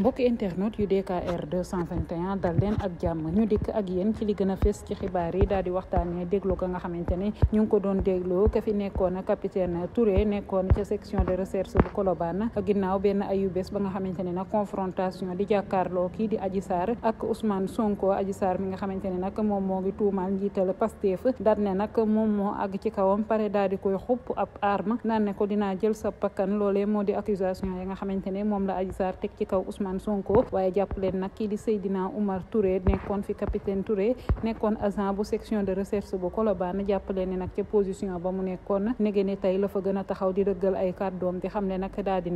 mbokki internet yu DKR 221 dal leen ak jàmm ñu dikk ak yéen ci li a fes ci xibaar yi daal di waxtaanee déglu ko nga xamante ne ñu ngi ko doon déglu ka fi nekkoon capitaine Touré nekkoon ca section de recherche bu Colobane ginnaaw benn ayu ba nga xamante ne nag confrontation di jàkkaarloo kii di Adji Sarr ak Ousmane Sonko Adji mi nga xamante moom moo tuumaal njiital Pastef daal ne nag moom moo àgg ci kawam pare daal di koy xupp ab arme naan ne ko yi nga xamante Ousmane Sonko waaye jàpp leen nag kii di Seydina Oumar Touré nekkoon fi capitaine Touré nekkoon agent bu section de recherche bu Colobane jàpp leen ne nag ca position ba mu nekkoon nege ne la fa gën a taxaw di dëggal ay kàddoom di xam ne nag daal di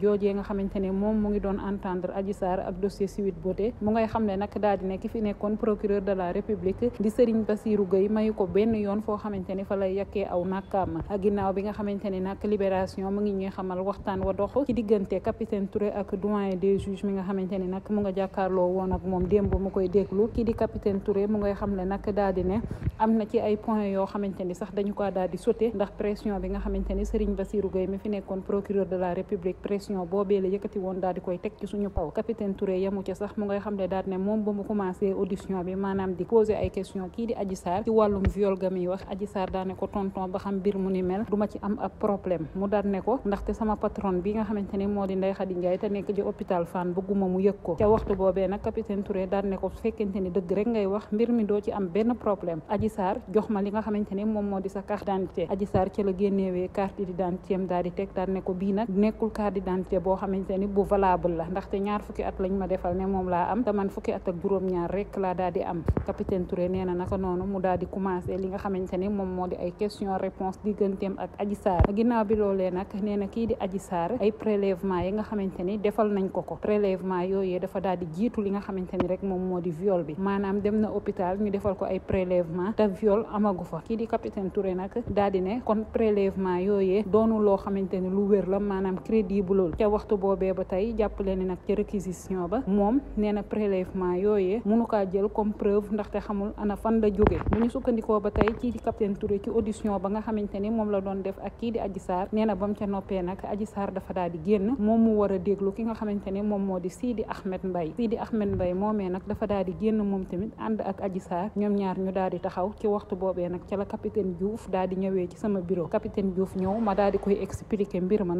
joojee nga xamante ne moom mu ngi doon entendre Adji Sarr ak dossier Sweet Beauté mu ngay xam ne nag daal ki fi nekkoon procureur de la République di Serigne Bassirou Gueye mayu ko benn yoon bi nga xamante ne nag libération mu ngi ñuy juge mi nga xamante ni mu nga jàkkaarloo woon ak moom démb mu koy déglu kii capitaine Touré mu ngay xam le nag daal di ne am na ci ay points yoo xamante sax dañu ko daal di sauté ndax pression bi nga xamante ni Serigne Bassirou mi fi nekkoon procureur de la République pression boobee la yëkkati woon daal di koy teg ci suñu kaw capitaine Touré yamu ca sax mu ngay xam le daal ne moom ba mu commencé audition bi maanaam di posé ay question kii safaan bëgguma mu yëg ko ca waxtu boobee nag capitaine Touré daan ne ko su fekkente ni dëgg rek ngay wax mbir mi doo ci am benn problème Adji Sarr jox ma li nga xamante ni moom moo di sa carte d'identité Adji Sarr ci la génneewee carte d'identité am daal di ne ko bii nag nekkul carte d'identité boo xamante ni bu valable la ñaar fukki at lañ ma defal ne moom laa am te man fukki ak juróom-ñaar rek laa daal di am capitaine Touré nee na naka noonu mu daal di commencé li nga xamante ni moom moo di ay question réponse digganteem ak Adji Sarr ginnaaw bi loolee nag nee na kii di Adji Sarr ay prélèvement yi nga xamante ni defal nañ ko ko prélèvement yooyu dafa daal di li nga xamante ni rek moom moo di viol bi maanaam dem na hôpital ñu defal ko ay prélèvement te viol amagu fa kii di capitaine Touré nag daal di ne kon prélèvement loo xamante ni lu wér la maanaam crédible ca waxtu boobee ba tey jàppale ni nag ca réquisition ba moom nee na prélèvement yooyee mënu kaa jël comme preuve ndaxte xamul ana fan la jóge bu sukkandikoo ba tey kii di ci audition ba nga xamante ni moom la doon def ak kii di Adji Sarr nee na ba mu ca noppee nag Adji Sarr dafa daal génn moom mu war a déglu ki nga xamante moom moo di Sidi Ahmed Mbaye Sidi Ahmed Mbaye moomee nag dafa daal di génn moom tamit ànd ak Adji Sarr ñoom ñaar ñu daal di taxaw ci waxtu boobee nag di ñëwee ci sama bureau capitaine Diouf ñëw ma di koy expliquer mbir ma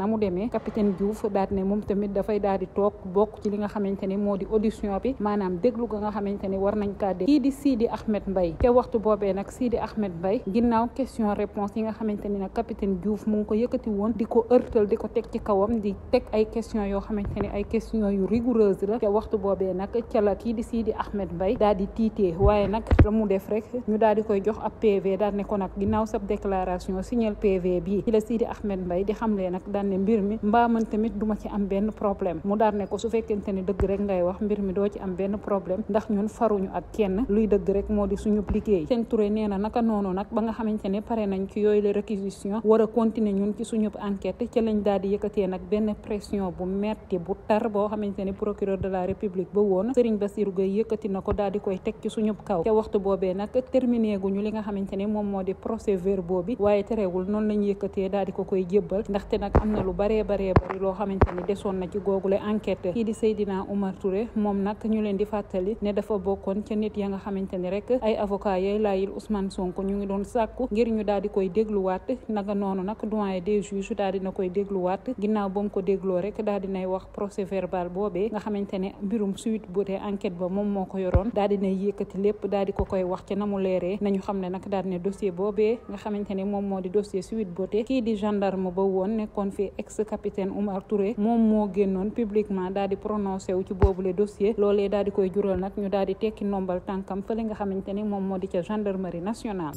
ga nga xamante ne war nañ kaa dégg kii di Sidi Ahmed Mbaye te waxtu boobee nag Sidi ginnaaw question réponse yi nga xamante ne nag capitaine Diouf mu ngi ko yëkkati woon di ko ërtal di ko teg ci kawam di teg ay question yoo xamante ay question conditions yu rigoureuse la ca waxtu boobee nag ca la kii di Sidi Ahmed Mbaye daal di tiitee waaye nag mu def rek ñu daal di koy jox ab PV daal ne ko nag ginaaw sab déclaration signal PV bii ci la Sidi Ahmed mbay di xam xamle nag daal ne mbir mi mbaa man tamit duma ma ci am benn problème mu daal ne ko su fekkente ne dëgg rek ngay wax mbir mi doo ci am benn problème ndax ñun faruñu ak kenn luy dëgg rek moo di suñu liggéey seen Touré nee na naka noonu nag ba nga xamante ne par nañ ci yooyu la réquisition war a continuer ñun ci suñu enquête ci lañ daal di yëkkatee nag benn pression bu metti bu tar boo xamante ne procureur de la république ba woon Serigne Bassirou Gueye yëkkati ko daal koy teg ci suñu kaw te waxtu boobee nag terminé guñu li nga xamante ne moom moo di procès verbaux bi waaye terewul noonu lañ yëkkatee daal di ko koy jébbal ndaxte na lu baree baree bari loo xamante ne desoon na ci googule enquête ñu leen di fàttali ne dafa bokkoon ca nit ya nga xamante ne rek ay avocat yay laayil Ousmane Sonko ñu ngi doon sàkku ngir ñu daal di koy dégluwaat naka noonu nag doyen des juges daal dina koy dégluwaat ginnaaw ba mu ko dégloo rek daal dinay wax procès xibaar boobee nga xamante ne mbirum suite bu dee enquête ba moom moo ko yoroon daal dina yëkkati lépp daal di ko koy wax ci na mu nañu xam ne nag daal di ne dossier boobee nga xamante ne moom moo di dossier Sweet Beauté kii di gendarme ba woon nekkoon fi ex capitaine Oumar Touré moom moo génnoon publiquement daal di prononcé wu ci boobule dossier loolee daal di koy jural nag ñu daal di tekki nombal tànkam fële nga xamante ne moom moo di ca gendarmerie nationale